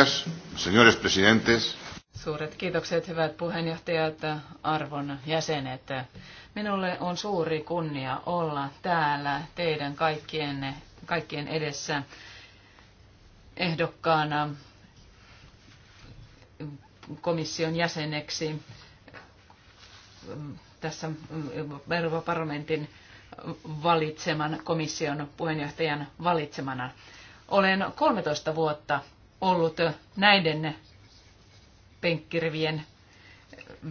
Gracias, señores presidentes. Suuret kiitokset, hyvät puheenjohtajat, arvon jäsenet. Minulle on suuri kunnia olla täällä teidän kaikkien, kaikkien edessä ehdokkaana komission jäseneksi tässä Euroopan parlamentin valitseman komission puheenjohtajan valitsemana. Olen 13 vuotta ollut näiden penkkirivien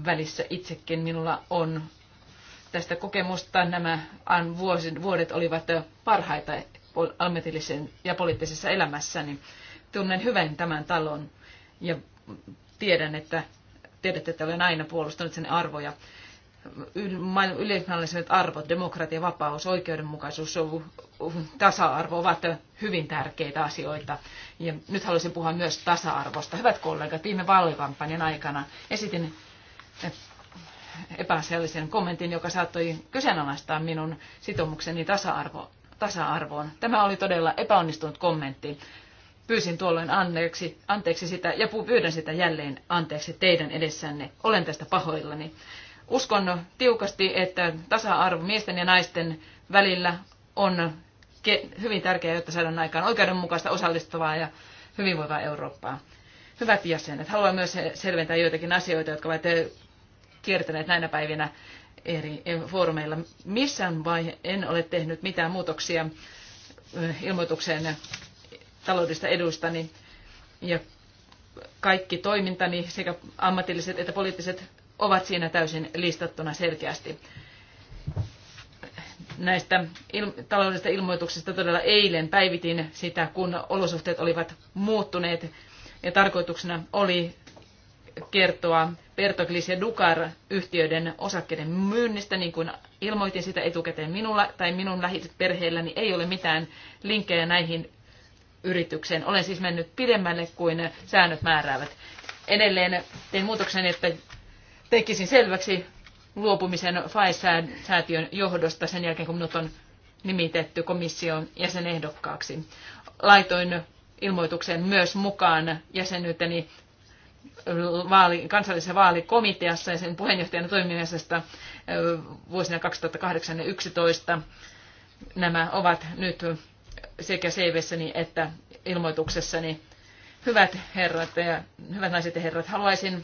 välissä itsekin. Minulla on tästä kokemusta. Nämä vuodet olivat parhaita ammatillisen ja poliittisessa elämässäni. Tunnen hyvän tämän talon ja tiedän, että tiedätte, että olen aina puolustanut sen arvoja maailman arvot, demokratia, vapaus, oikeudenmukaisuus, tasa-arvo ovat hyvin tärkeitä asioita. Ja nyt haluaisin puhua myös tasa-arvosta. Hyvät kollegat, viime vaalikampanjan aikana esitin epäasiallisen kommentin, joka saattoi kyseenalaistaa minun sitoumukseni tasa-arvo, tasa-arvoon. Tämä oli todella epäonnistunut kommentti. Pyysin tuolloin anteeksi, anteeksi sitä ja pyydän sitä jälleen anteeksi teidän edessänne. Olen tästä pahoillani. Uskon tiukasti, että tasa-arvo miesten ja naisten välillä on hyvin tärkeää, jotta saadaan aikaan oikeudenmukaista, osallistuvaa ja hyvinvoivaa Eurooppaa. Hyvät jäsenet, haluan myös selventää joitakin asioita, jotka ovat kiertäneet näinä päivinä eri foorumeilla. Missään vaihe en ole tehnyt mitään muutoksia eh, ilmoitukseen taloudellista edustani ja kaikki toimintani sekä ammatilliset että poliittiset ovat siinä täysin listattuna selkeästi. Näistä il- taloudellisista ilmoituksista todella eilen päivitin sitä, kun olosuhteet olivat muuttuneet ja tarkoituksena oli kertoa Pertoglis ja Dukar yhtiöiden osakkeiden myynnistä, niin kuin ilmoitin sitä etukäteen minulla tai minun lähiperheelläni ei ole mitään linkkejä näihin yritykseen. Olen siis mennyt pidemmälle kuin säännöt määräävät. Edelleen tein muutoksen, että tekisin selväksi luopumisen FAI-säätiön johdosta sen jälkeen, kun minut on nimitetty komission jäsenehdokkaaksi. Laitoin ilmoituksen myös mukaan jäsenyyteni vaali, kansallisessa vaalikomiteassa ja sen puheenjohtajana toimimisesta äh, vuosina 2008 2011. Nämä ovat nyt sekä CVssäni että ilmoituksessani. Hyvät herrat ja hyvät naiset ja herrat, haluaisin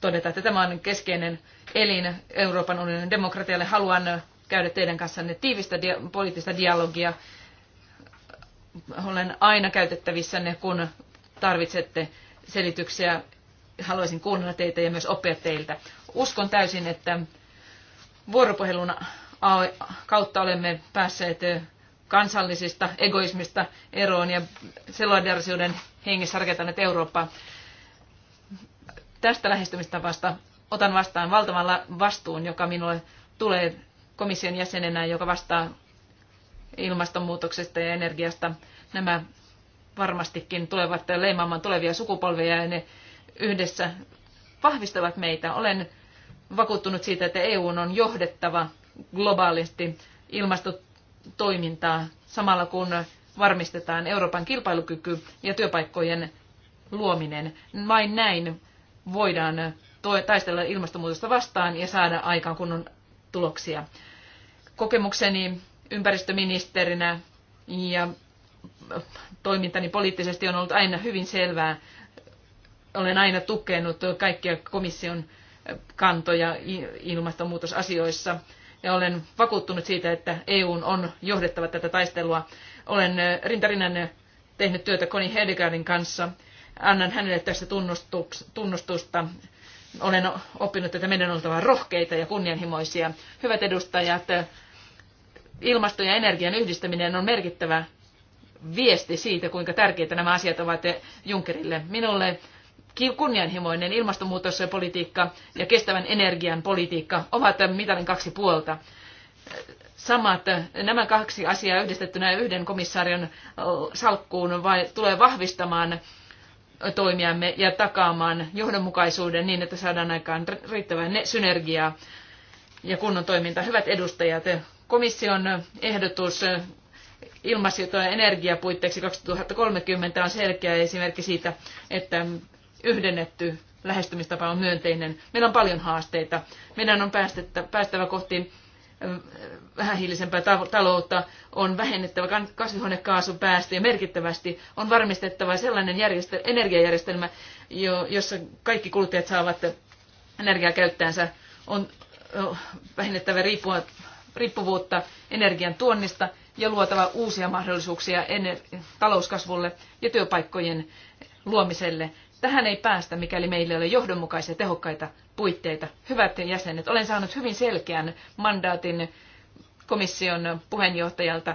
todeta, että tämä on keskeinen elin Euroopan unionin demokratialle. Haluan käydä teidän kanssanne tiivistä dia- poliittista dialogia. Olen aina käytettävissänne, kun tarvitsette selityksiä. Haluaisin kuunnella teitä ja myös oppia teiltä. Uskon täysin, että vuoropuhelun kautta olemme päässeet kansallisista egoismista eroon ja solidaarisuuden hengessä rakentaneet Eurooppaa. Tästä lähestymistavasta otan vastaan valtavalla vastuun, joka minulle tulee komission jäsenenä, joka vastaa ilmastonmuutoksesta ja energiasta. Nämä varmastikin tulevat leimaamaan tulevia sukupolvia ja ne yhdessä vahvistavat meitä. Olen vakuuttunut siitä, että EU on johdettava globaalisti ilmastotoimintaa samalla kun varmistetaan Euroopan kilpailukyky ja työpaikkojen luominen. Vain näin voidaan eh, taistella ilmastonmuutosta vastaan ja saada aikaan kunnon tuloksia. Kokemukseni ympäristöministerinä ja eh, toimintani poliittisesti on ollut aina hyvin selvää. Olen aina tukenut kaikkia komission eh, kantoja ilmastonmuutosasioissa ja olen vakuuttunut siitä, että EU on johdettava tätä taistelua. Olen rintarinnan tehnyt työtä Connie Hedegaardin kanssa annan hänelle tästä tunnustusta. Olen oppinut, että meidän on oltava rohkeita ja kunnianhimoisia. Hyvät edustajat, ilmaston ja energian yhdistäminen on merkittävä viesti siitä, kuinka tärkeitä nämä asiat ovat Junckerille. Minulle kunnianhimoinen ilmastonmuutospolitiikka ja kestävän energian politiikka ovat mitalin kaksi puolta. Samat, nämä kaksi asiaa yhdistettynä yhden komissaarion salkkuun vai, tulee vahvistamaan toimiamme ja takaamaan johdonmukaisuuden niin, että saadaan aikaan riittävää synergiaa ja kunnon toiminta. Hyvät edustajat, komission ehdotus ja energiapuitteiksi 2030 on selkeä esimerkki siitä, että yhdennetty lähestymistapa on myönteinen. Meillä on paljon haasteita. Meidän on päästävä kohti vähähiilisempää taloutta, on vähennettävä kasvihuonekaasupäästöjä merkittävästi, on varmistettava sellainen järjestel- energiajärjestelmä, jossa kaikki kuluttajat saavat energiaa käyttäänsä, on vähennettävä riippua, riippuvuutta energian tuonnista ja luotava uusia mahdollisuuksia talouskasvulle ja työpaikkojen luomiselle. Tähän ei päästä, mikäli meillä ei ole johdonmukaisia tehokkaita puitteita. Hyvät jäsenet, olen saanut hyvin selkeän mandaatin komission puheenjohtajalta.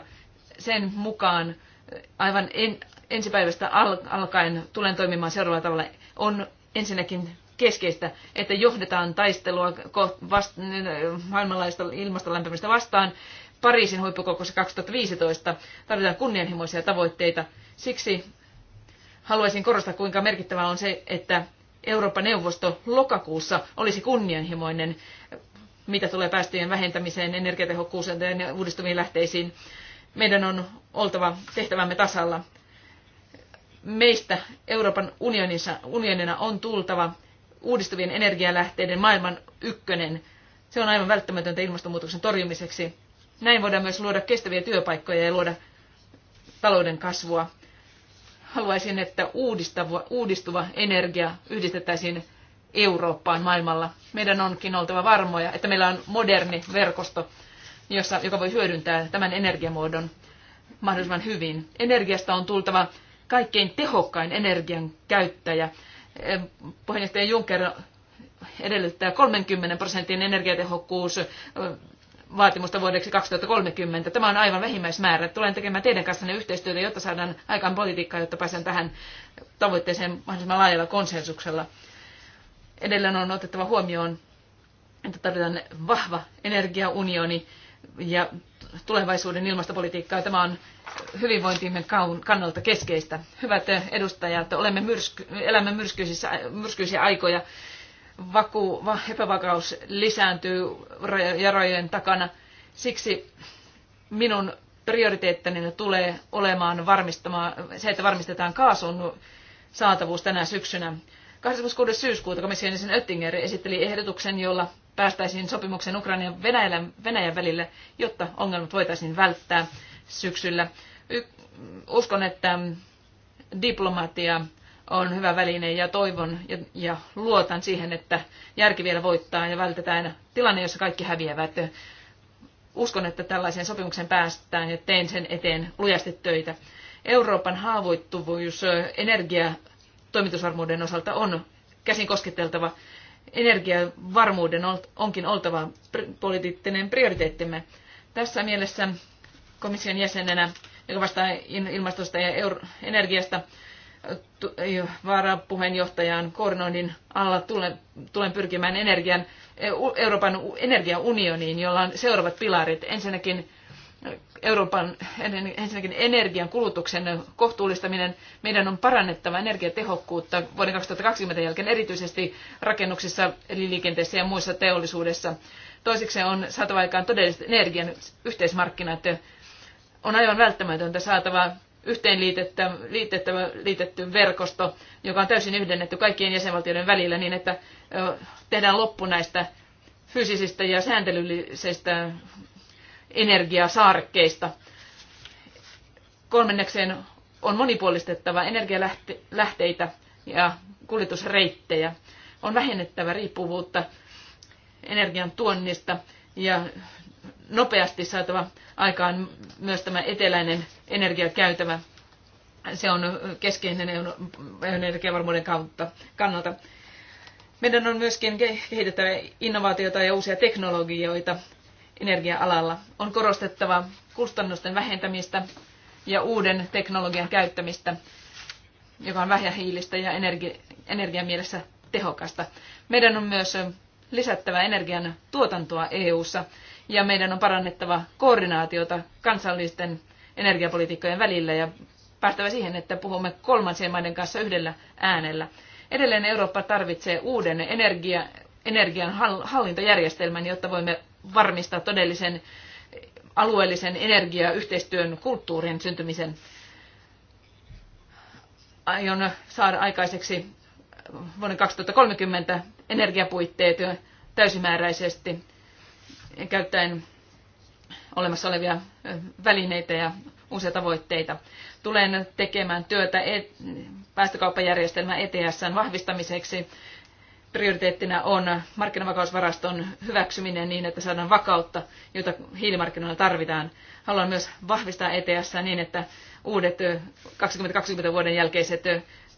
Sen mukaan eh, aivan en, ensi päivästä alkaen tulen toimimaan seuraavalla tavalla. On ensinnäkin keskeistä, että johdetaan taistelua vast, niin, eh, maailmanlaista ilmastolämpimistä lämpimistä vastaan. Pariisin huippukokossa 2015 tarvitaan kunnianhimoisia tavoitteita. Siksi haluaisin korostaa, kuinka merkittävää on se, että Euroopan neuvosto lokakuussa olisi kunnianhimoinen, mitä tulee päästöjen vähentämiseen, energiatehokkuuteen ja uudistuviin lähteisiin. Meidän on oltava tehtävämme tasalla. Meistä Euroopan unionissa, unionina on tultava uudistuvien energialähteiden maailman ykkönen. Se on aivan välttämätöntä ilmastonmuutoksen torjumiseksi. Näin voidaan myös luoda kestäviä työpaikkoja ja luoda talouden kasvua. Haluaisin, että uudistuva energia yhdistettäisiin Eurooppaan maailmalla. Meidän onkin oltava varmoja, että meillä on moderni verkosto, jossa, joka voi hyödyntää tämän energiamuodon mahdollisimman hyvin. Energiasta on tultava kaikkein tehokkain energian käyttäjä. Eh, puheenjohtaja Juncker edellyttää 30 prosentin energiatehokkuus eh, vaatimusta vuodeksi 2030. Tämä on aivan vähimmäismäärä. Tulen tekemään teidän kanssanne yhteistyötä, jotta saadaan aikaan politiikkaa, jotta pääsen tähän tavoitteeseen mahdollisimman laajalla konsensuksella. Edelleen on otettava huomioon, että tarvitaan vahva energiaunioni ja tulevaisuuden ilmastopolitiikkaa. Tämä on hyvinvointimme kannalta keskeistä. Hyvät edustajat, olemme myrsky, elämme myrskyisiä aikoja vaku, epävakaus lisääntyy jarojen takana. Siksi minun prioriteettini tulee olemaan se, että varmistetaan kaasun saatavuus tänä syksynä. 26. syyskuuta komission jäsen Oettinger esitteli ehdotuksen, jolla päästäisiin sopimuksen Ukrainan ja Venäjän, Venäjän välillä, jotta ongelmat voitaisiin välttää syksyllä. uskon, että diplomatia on hyvä väline ja toivon ja, ja luotan siihen, että järki vielä voittaa ja vältetään tilanne, jossa kaikki häviävät. Uskon, että tällaiseen sopimukseen päästään ja teen sen eteen lujasti töitä. Euroopan haavoittuvuus energia toimitusvarmuuden osalta on käsin kosketeltava. Energiavarmuuden onkin oltava poliittinen prioriteettimme. Tässä mielessä komission jäsenenä, joka vastaa ilmastosta ja energiasta, varapuheenjohtajan koordinoinnin alla tulen, tulen pyrkimään energian, e, Euroopan energiaunioniin, jolla on seuraavat pilarit. Ensinnäkin Euroopan ensinnäkin energian kulutuksen kohtuullistaminen. Meidän on parannettava energiatehokkuutta vuoden 2020 jälkeen erityisesti rakennuksissa, liikenteessä ja muissa teollisuudessa. Toiseksi on saatava aikaan todelliset energian yhteismarkkinat. On aivan välttämätöntä saatava yhteen liitettävä, liitetty verkosto, joka on täysin yhdennetty kaikkien jäsenvaltioiden välillä niin, että tehdään loppu näistä fyysisistä ja sääntelyllisistä energiasaarekkeista. Kolmenneksen on monipuolistettava energialähteitä ja kuljetusreittejä. On vähennettävä riippuvuutta energian tuonnista ja nopeasti saatava aikaan myös tämä eteläinen energiakäytävä. Se on keskeinen energiavarmuuden kautta, kannalta. Meidän on myöskin kehitettävä innovaatioita ja uusia teknologioita energia-alalla. On korostettava kustannusten vähentämistä ja uuden teknologian käyttämistä, joka on vähähiilistä ja energi- energiamielessä tehokasta. Meidän on myös lisättävä energian tuotantoa EU:ssa ja meidän on parannettava koordinaatiota kansallisten energiapolitiikkojen välillä ja päästävä siihen, että puhumme kolmansien maiden kanssa yhdellä äänellä. Edelleen Eurooppa tarvitsee uuden energia, energian hallintajärjestelmän, jotta voimme varmistaa todellisen alueellisen energiayhteistyön kulttuurin syntymisen. Aion saada aikaiseksi vuonna 2030 energiapuitteet täysimääräisesti käyttäen olemassa olevia välineitä ja uusia tavoitteita. Tulen tekemään työtä et, päästökauppajärjestelmän ETSn vahvistamiseksi. Prioriteettina on markkinavakausvaraston hyväksyminen niin, että saadaan vakautta, jota hiilimarkkinoilla tarvitaan. Haluan myös vahvistaa ETS niin, että uudet 2020 vuoden jälkeiset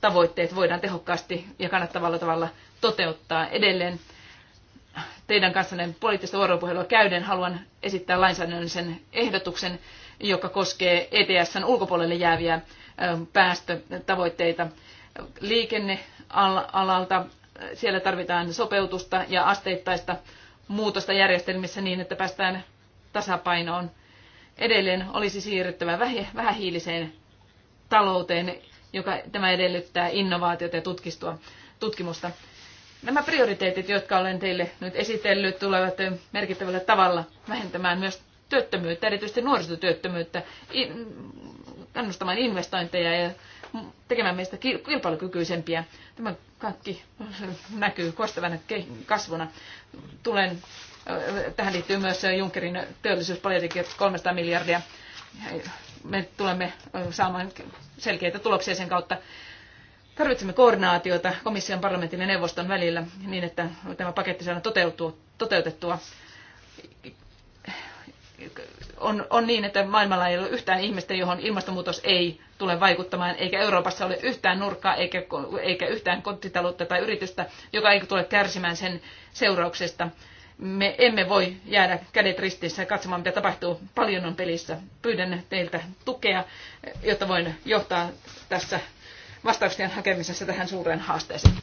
tavoitteet voidaan tehokkaasti ja kannattavalla tavalla toteuttaa. Edelleen teidän kanssanne poliittista vuoropuhelua käyden haluan esittää lainsäädännöllisen ehdotuksen, joka koskee ETSn ulkopuolelle jääviä päästötavoitteita liikennealalta. Siellä tarvitaan sopeutusta ja asteittaista muutosta järjestelmissä niin, että päästään tasapainoon. Edelleen olisi siirryttävä vähähiiliseen talouteen, joka tämä edellyttää innovaatiota ja tutkistua, tutkimusta. Nämä prioriteetit, jotka olen teille nyt esitellyt, tulevat merkittävällä tavalla vähentämään myös työttömyyttä, erityisesti nuorisotyöttömyyttä, kannustamaan investointeja ja tekemään meistä kilpailukykyisempiä. Tämä kaikki näkyy kostavana kasvuna. Tulen, tähän liittyy myös Junckerin työllisyyspolitiikka 300 miljardia. Me tulemme saamaan selkeitä tuloksia sen kautta. Tarvitsemme koordinaatiota komission, parlamentin ja neuvoston välillä niin, että tämä paketti saadaan toteutettua. On, on niin, että maailmalla ei ole yhtään ihmistä, johon ilmastonmuutos ei tule vaikuttamaan, eikä Euroopassa ole yhtään nurkkaa, eikä, eikä yhtään kotitaloutta tai yritystä, joka ei tule kärsimään sen seurauksesta. Me emme voi jäädä kädet ristissä katsomaan, mitä tapahtuu. Paljon on pelissä. Pyydän teiltä tukea, jotta voin johtaa tässä vastausten hakemisessa tähän suureen haasteeseen.